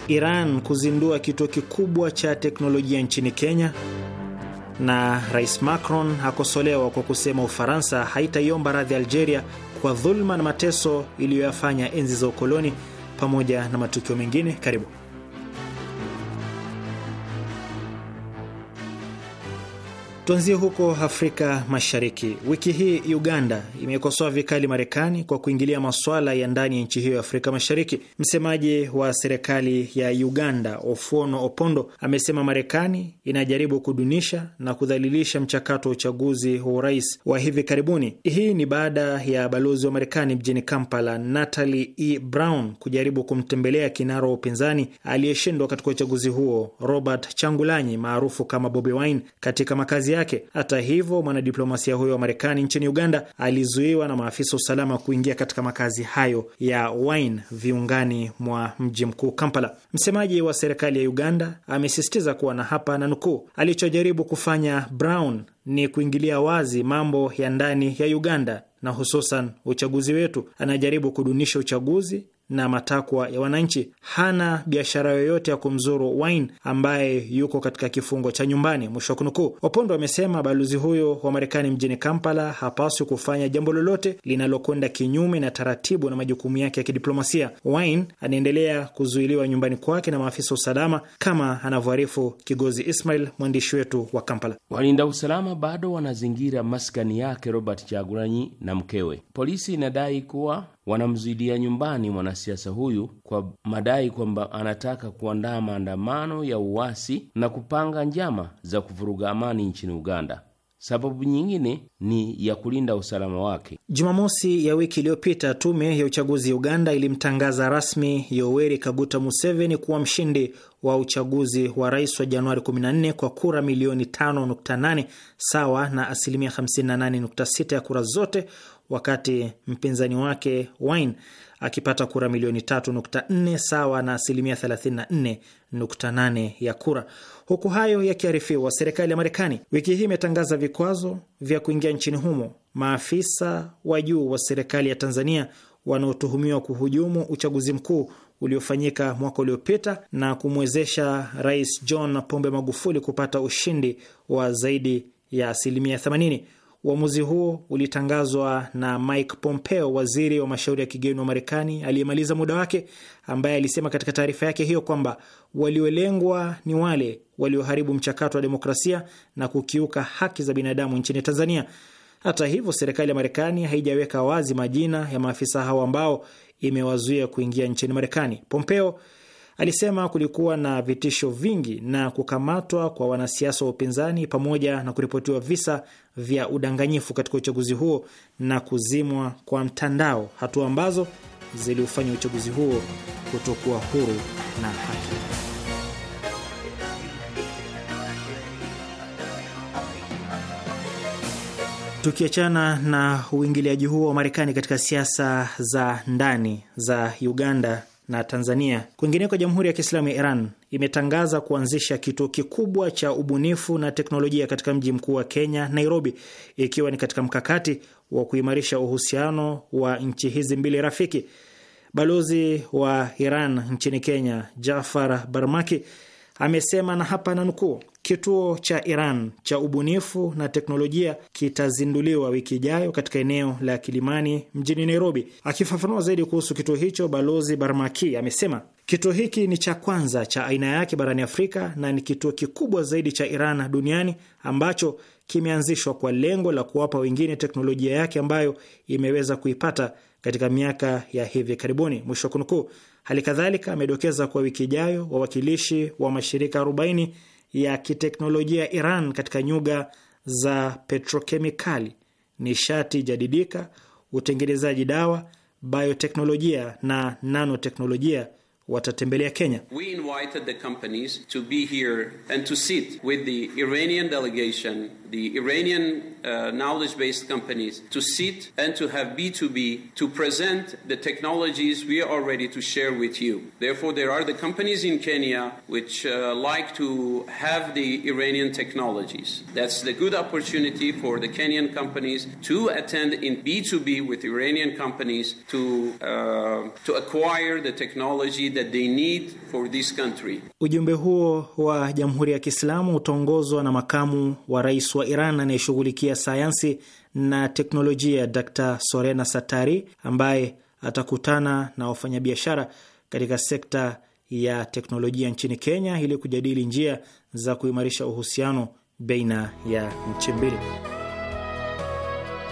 Iran kuzindua kituo kikubwa cha teknolojia nchini Kenya, na Rais Macron akosolewa kwa kusema Ufaransa haitaiomba radhi Algeria kwa dhulma na mateso iliyoyafanya enzi za ukoloni pamoja na matukio mengine. Karibu. Tuanzie huko Afrika Mashariki. Wiki hii Uganda imekosoa vikali Marekani kwa kuingilia masuala ya ndani ya nchi hiyo ya Afrika Mashariki. Msemaji wa serikali ya Uganda, Ofuono Opondo, amesema Marekani inajaribu kudunisha na kudhalilisha mchakato wa uchaguzi wa urais wa hivi karibuni. Hii ni baada ya balozi wa Marekani mjini Kampala, Natalie E Brown, kujaribu kumtembelea kinara wa upinzani aliyeshindwa katika uchaguzi huo, Robert Changulanyi maarufu kama Bobi Wine, katika makazi yake. Hata hivyo, mwanadiplomasia huyo wa Marekani nchini Uganda alizuiwa na maafisa usalama kuingia katika makazi hayo ya Wine viungani mwa mji mkuu Kampala. Msemaji wa serikali ya Uganda amesisitiza kuwa na hapa na nukuu, alichojaribu kufanya Brown ni kuingilia wazi mambo ya ndani ya Uganda na hususan uchaguzi wetu. Anajaribu kudunisha uchaguzi na matakwa ya wananchi. Hana biashara yoyote ya kumzuru Wine ambaye yuko katika kifungo cha nyumbani, mwisho wa kunukuu. Wapondo wamesema balozi huyo wa Marekani mjini Kampala hapaswi kufanya jambo lolote linalokwenda kinyume na taratibu na majukumu yake ya kidiplomasia. Wine anaendelea kuzuiliwa nyumbani kwake na maafisa wa usalama, kama anavyoarifu Kigozi Ismail, mwandishi wetu wa Kampala. Walinda usalama bado wanazingira maskani yake Robert Chagulanyi na mkewe. Polisi inadai kuwa wanamzuidia nyumbani mwanasiasa huyu kwa madai kwamba anataka kuandaa maandamano ya uasi na kupanga njama za kuvuruga amani nchini Uganda. Sababu nyingine ni ya kulinda usalama wake. Jumamosi ya wiki iliyopita, tume ya uchaguzi Uganda ilimtangaza rasmi Yoweri Kaguta Museveni kuwa mshindi wa uchaguzi wa rais wa Januari 14 kwa kura milioni 5.8 sawa na asilimia 58.6 ya kura zote wakati mpinzani wake Wine akipata kura milioni 3.4 sawa na asilimia 34.8 ya kura. Huku hayo yakiarifiwa, serikali ya Marekani wiki hii imetangaza vikwazo vya kuingia nchini humo maafisa wa juu wa serikali ya Tanzania wanaotuhumiwa kuhujumu uchaguzi mkuu uliofanyika mwaka uliopita na kumwezesha Rais John Pombe Magufuli kupata ushindi wa zaidi ya asilimia 80. Uamuzi huo ulitangazwa na Mike Pompeo, waziri wa mashauri ya kigeni wa Marekani aliyemaliza muda wake, ambaye alisema katika taarifa yake hiyo kwamba waliolengwa ni wale walioharibu mchakato wa demokrasia na kukiuka haki za binadamu nchini Tanzania. Hata hivyo, serikali ya Marekani haijaweka wazi majina ya maafisa hao ambao imewazuia kuingia nchini Marekani. Pompeo Alisema kulikuwa na vitisho vingi na kukamatwa kwa wanasiasa wa upinzani pamoja na kuripotiwa visa vya udanganyifu katika uchaguzi huo na kuzimwa kwa mtandao, hatua ambazo ziliufanya uchaguzi huo kutokuwa huru na haki. Tukiachana na uingiliaji huo wa Marekani katika siasa za ndani za Uganda, na Tanzania. Kwingineko, Jamhuri ya Kiislamu ya Iran imetangaza kuanzisha kituo kikubwa cha ubunifu na teknolojia katika mji mkuu wa Kenya, Nairobi, ikiwa ni katika mkakati wa kuimarisha uhusiano wa nchi hizi mbili rafiki. Balozi wa Iran nchini Kenya, Jafar Barmaki, amesema na hapa na nukuu, Kituo cha Iran cha ubunifu na teknolojia kitazinduliwa wiki ijayo katika eneo la Kilimani mjini Nairobi. Akifafanua zaidi kuhusu kituo hicho, Balozi Barmaki amesema kituo hiki ni cha kwanza cha aina yake barani Afrika na ni kituo kikubwa zaidi cha Iran duniani ambacho kimeanzishwa kwa lengo la kuwapa wengine teknolojia yake ambayo imeweza kuipata katika miaka ya hivi karibuni, mwisho wa kunukuu. Hali kadhalika amedokeza kwa wiki ijayo wawakilishi wa mashirika 40 ya kiteknolojia Iran katika nyuga za petrokemikali, nishati jadidika, utengenezaji dawa, bioteknolojia na nanoteknolojia watatembelea Kenya. We invited the companies to be here and to sit with the Iranian delegation, the Iranian uh, knowledge based companies to sit and to have B2B to present the technologies we are ready to share with you. Therefore, there are the companies in Kenya which uh, like to have the Iranian technologies. That's the good opportunity for the Kenyan companies to attend in B2B with Iranian companies to, uh, to acquire the technology that they need for this country. Ujumbe huo wa Jamhuri ya Kiislamu utaongozwa na makamu wa rais wa Iran anayeshughulikia ya sayansi na teknolojia Dr Sorena Satari ambaye atakutana na wafanyabiashara katika sekta ya teknolojia nchini Kenya ili kujadili njia za kuimarisha uhusiano baina ya nchi mbili.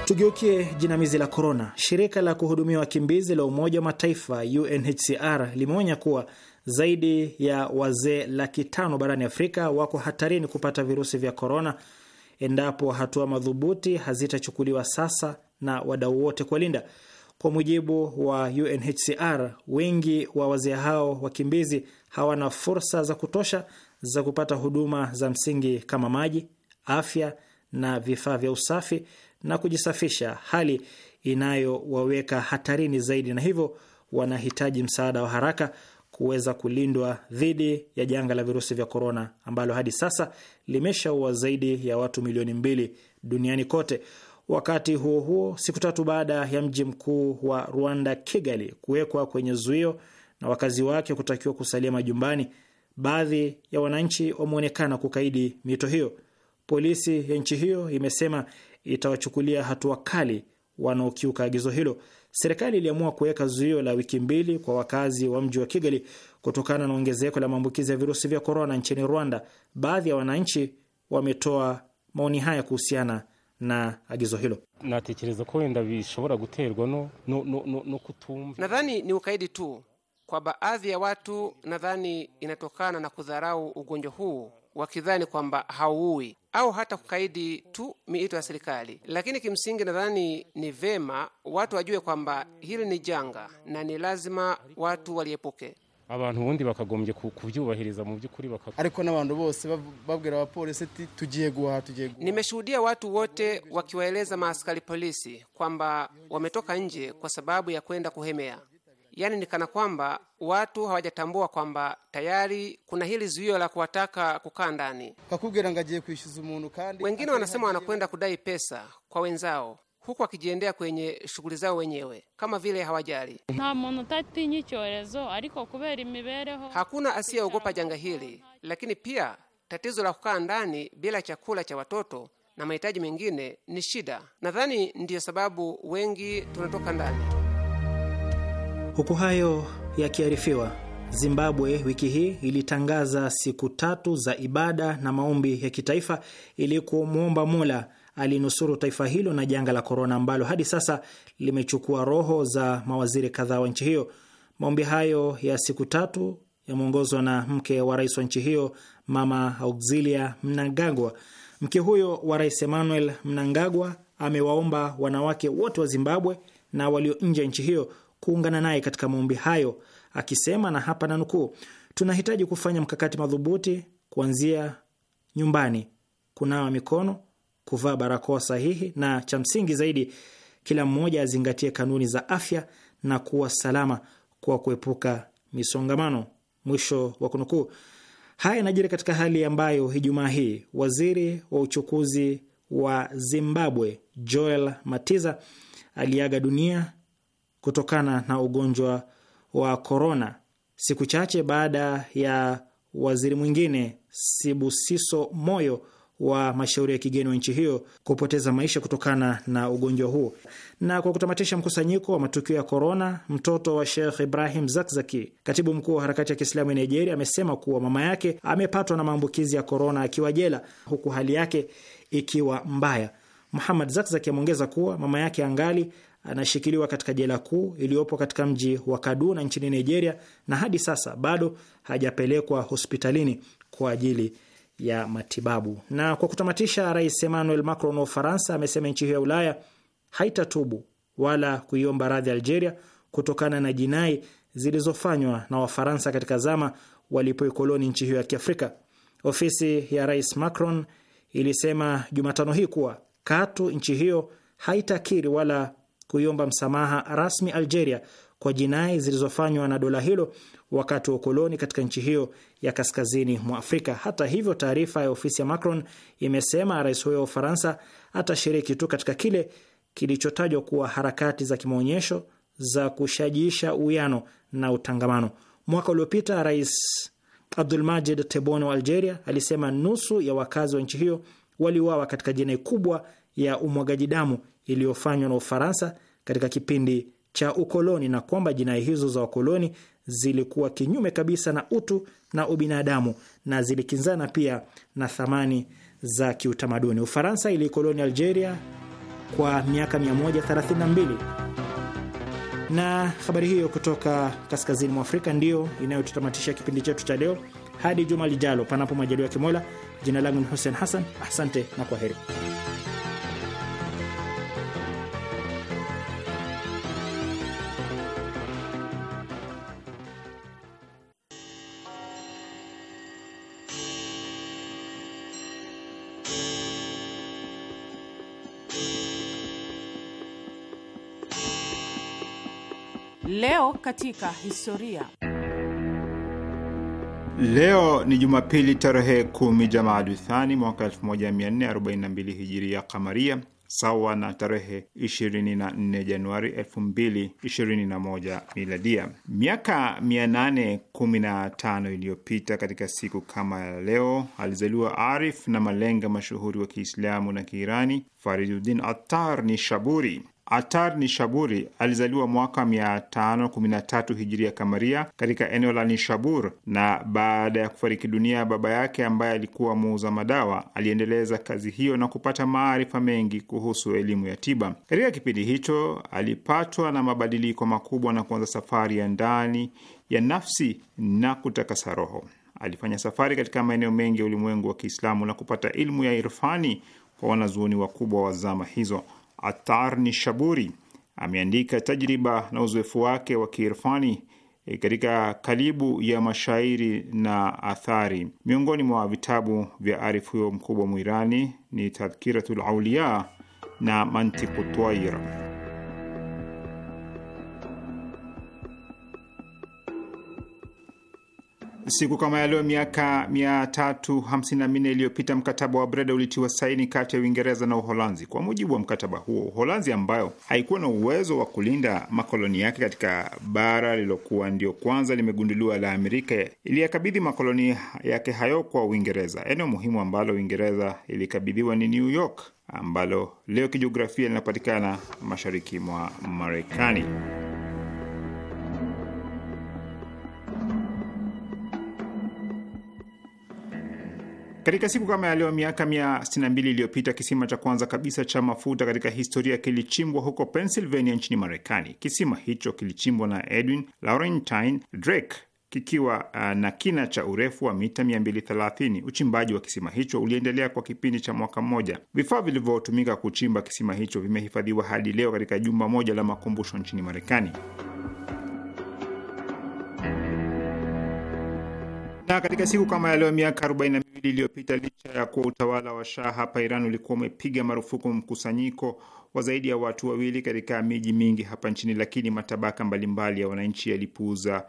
Tugeukie jinamizi la korona. Shirika la kuhudumia wakimbizi la Umoja wa Mataifa UNHCR limeonya kuwa zaidi ya wazee laki tano barani Afrika wako hatarini kupata virusi vya korona endapo hatua madhubuti hazitachukuliwa sasa na wadau wote kuwalinda. Kwa mujibu wa UNHCR, wengi wa wazee hao wakimbizi hawana fursa za kutosha za kupata huduma za msingi kama maji, afya na vifaa vya usafi na kujisafisha, hali inayowaweka hatarini zaidi, na hivyo wanahitaji msaada wa haraka kuweza kulindwa dhidi ya janga la virusi vya korona ambalo hadi sasa limeshaua zaidi ya watu milioni mbili duniani kote. Wakati huo huo, siku tatu baada ya mji mkuu wa Rwanda, Kigali, kuwekwa kwenye zuio na wakazi wake kutakiwa kusalia majumbani, baadhi ya wananchi wameonekana kukaidi mito hiyo. Polisi ya nchi hiyo imesema itawachukulia hatua kali wanaokiuka agizo hilo serikali iliamua kuweka zuio la wiki mbili kwa wakazi wa mji wa Kigali kutokana na ongezeko la maambukizi ya virusi vya korona nchini Rwanda. Baadhi ya wananchi wametoa maoni haya kuhusiana na agizo hilo. Nadhani ni ukaidi tu kwa baadhi ya watu, nadhani inatokana na kudharau ugonjwa huu wakidhani kwamba hauui au hata kukaidi tu miito ya serikali. Lakini kimsingi, nadhani ni vema watu wajue kwamba hili ni janga na ni lazima watu waliepuke. abantu ubundi bakagombye kubyubahiriza mu by'ukuri ariko n'abantu bose babwira abapolisi ati tugiye guhaha tugiye guhaha. Nimeshuhudia watu wote wakiwaeleza maaskari polisi kwamba wametoka nje kwa sababu ya kwenda kuhemea yani ni kana kwamba watu hawajatambua kwamba tayari kuna hili zuio la kuwataka kukaa ndani. Wengine wanasema wanakwenda kudai pesa kwa wenzao huku wakijiendea kwenye shughuli zao wenyewe kama vile hawajali. Hakuna asiyeogopa janga hili, lakini pia tatizo la kukaa ndani bila chakula cha watoto na mahitaji mengine ni shida. Nadhani ndiyo sababu wengi tunatoka ndani. Huku hayo yakiarifiwa, Zimbabwe wiki hii ilitangaza siku tatu za ibada na maombi ya kitaifa ili kumwomba Mola alinusuru taifa hilo na janga la korona ambalo hadi sasa limechukua roho za mawaziri kadhaa wa nchi hiyo. Maombi hayo ya siku tatu yameongozwa na mke wa rais wa nchi hiyo Mama Auxilia Mnangagwa. Mke huyo wa Rais Emmanuel Mnangagwa amewaomba wanawake wote wa Zimbabwe na walio nje ya nchi hiyo kuungana naye katika maombi hayo, akisema na hapa nanukuu, tunahitaji kufanya mkakati madhubuti kuanzia nyumbani, kunawa mikono, kuvaa barakoa sahihi, na cha msingi zaidi, kila mmoja azingatie kanuni za afya na kuwa salama kwa kuepuka misongamano. Mwisho wa kunukuu. Haya yanajiri katika hali ambayo Ijumaa hii waziri wa uchukuzi wa Zimbabwe Joel Matiza aliaga dunia kutokana na ugonjwa wa korona, siku chache baada ya waziri mwingine Sibusiso Moyo wa mashauri ya kigeni wa nchi hiyo kupoteza maisha kutokana na ugonjwa huo. Na kwa kutamatisha mkusanyiko wa matukio ya korona, mtoto wa Sheikh Ibrahim Zakzaki, katibu mkuu wa harakati ya Kiislamu ya Nigeria, amesema kuwa mama yake amepatwa na maambukizi ya korona akiwa jela, huku hali yake ikiwa mbaya. Muhammad Zakzaki ameongeza kuwa mama yake angali anashikiliwa katika jela kuu iliyopo katika mji wa Kaduna nchini Nigeria, na hadi sasa bado hajapelekwa hospitalini kwa ajili ya matibabu. Na kwa kutamatisha, Rais Emmanuel Macron wa Ufaransa amesema nchi hiyo ya Ulaya haitatubu wala kuiomba radhi Algeria kutokana na jinai zilizofanywa na Wafaransa katika zama walipoikoloni nchi hiyo ya Kiafrika. Ofisi ya Rais Macron ilisema Jumatano hii kuwa katu nchi hiyo haitakiri wala kuiomba msamaha rasmi Algeria kwa jinai zilizofanywa na dola hilo wakati wa ukoloni katika nchi hiyo ya kaskazini mwa Afrika. Hata hivyo, taarifa ya ofisi ya Macron imesema rais huyo wa Ufaransa atashiriki tu katika kile kilichotajwa kuwa harakati za kimaonyesho za kushajiisha uwiano na utangamano. Mwaka uliopita Rais Abdulmajid Tebboune wa Algeria alisema nusu ya wakazi wa nchi hiyo waliuawa katika jinai kubwa ya umwagaji damu iliyofanywa na Ufaransa katika kipindi cha ukoloni na kwamba jinai hizo za wakoloni zilikuwa kinyume kabisa na utu na ubinadamu na zilikinzana pia na thamani za kiutamaduni. Ufaransa ilikoloni Algeria kwa miaka 132 na habari hiyo kutoka kaskazini mwa Afrika ndiyo inayotutamatisha kipindi chetu cha leo. Hadi juma lijalo, panapo majaliwa Kimola. Jina langu ni Hussein Hassan, asante na kwa heri. Leo katika historia. Leo ni Jumapili tarehe kumi Jamaaduthani mwaka 1442 hijiria kamaria sawa na tarehe 24 Januari 2021 miladia. Miaka 815 iliyopita katika siku kama ya leo alizaliwa arif na malenga mashuhuri wa Kiislamu na Kiirani Fariduddin Attar Nishaburi. Atar Nishaburi alizaliwa mwaka 513 hijiria kamaria katika eneo la Nishabur, na baada ya kufariki dunia baba yake ambaye alikuwa muuza madawa, aliendeleza kazi hiyo na kupata maarifa mengi kuhusu elimu ya tiba. Katika kipindi hicho alipatwa na mabadiliko makubwa na kuanza safari ya ndani ya nafsi na kutakasa roho. Alifanya safari katika maeneo mengi ya ulimwengu wa Kiislamu na kupata ilmu ya irfani kwa wanazuoni wakubwa wa zama hizo. Attar Nishaburi ameandika tajriba na uzoefu wake wa kiirfani e, katika kalibu ya mashairi na athari. Miongoni mwa vitabu vya arifu huyo mkubwa mwirani ni Tadhkiratul Auliya na Mantiqu Twair. Siku kama ya leo miaka 354 iliyopita mkataba wa Breda ulitiwa saini kati ya Uingereza na Uholanzi. Kwa mujibu wa mkataba huo, Uholanzi ambayo haikuwa na uwezo wa kulinda makoloni yake katika bara lilokuwa ndio kwanza limegunduliwa la Amerika, iliyakabidhi makoloni yake hayo kwa Uingereza. Eneo muhimu ambalo Uingereza ilikabidhiwa ni New York ambalo leo kijiografia linapatikana mashariki mwa Marekani. Katika siku kama ya leo miaka mia mbili iliyopita kisima cha kwanza kabisa cha mafuta katika historia kilichimbwa huko Pennsylvania nchini Marekani. Kisima hicho kilichimbwa na Edwin Laurentine Drake kikiwa uh, na kina cha urefu wa mita 230. Uchimbaji wa kisima hicho uliendelea kwa kipindi cha mwaka mmoja. Vifaa vilivyotumika kuchimba kisima hicho vimehifadhiwa hadi leo katika jumba moja la makumbusho nchini Marekani. Na katika siku kama ya leo miaka 42 iliyopita, licha ya kuwa utawala wa Shah hapa Iran ulikuwa umepiga marufuku mkusanyiko wa zaidi ya watu wawili katika miji mingi hapa nchini, lakini matabaka mbalimbali mbali ya wananchi yalipuuza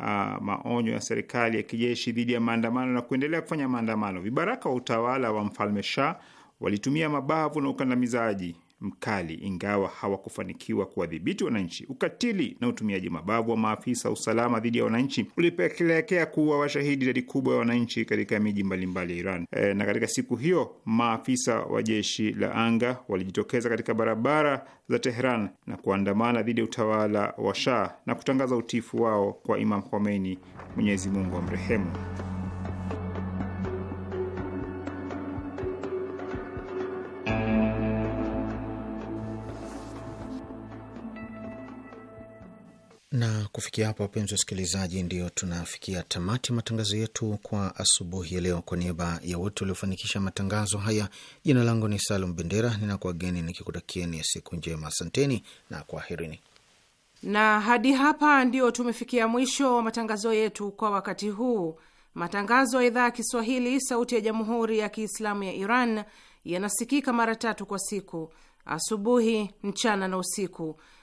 uh, maonyo ya serikali ya kijeshi dhidi ya maandamano na kuendelea kufanya maandamano. Vibaraka wa utawala wa mfalme Shah walitumia mabavu na ukandamizaji mkali, ingawa hawakufanikiwa kuwadhibiti wananchi. Ukatili na utumiaji mabavu wa maafisa usalama dhidi ya wananchi ulipelekea kuwa washahidi idadi kubwa ya wananchi katika miji mbalimbali ya Iran. E, na katika siku hiyo maafisa wa jeshi la anga walijitokeza katika barabara za Tehran na kuandamana dhidi ya utawala wa Shah na kutangaza utifu wao kwa Imam Khomeini, Mwenyezi Mungu amrehemu. kufikia hapa, wapenzi wasikilizaji, ndio tunafikia tamati matangazo yetu kwa asubuhi ya leo. Kwa niaba ya wote waliofanikisha matangazo haya, jina langu ni Salum Bendera, ninakuwageni nikikutakieni siku njema. Asanteni na kwaherini. Na hadi hapa ndio tumefikia mwisho wa matangazo yetu kwa wakati huu. Matangazo ya idhaa ya Kiswahili, Sauti ya Jamhuri ya Kiislamu ya Iran yanasikika mara tatu kwa siku: asubuhi, mchana na usiku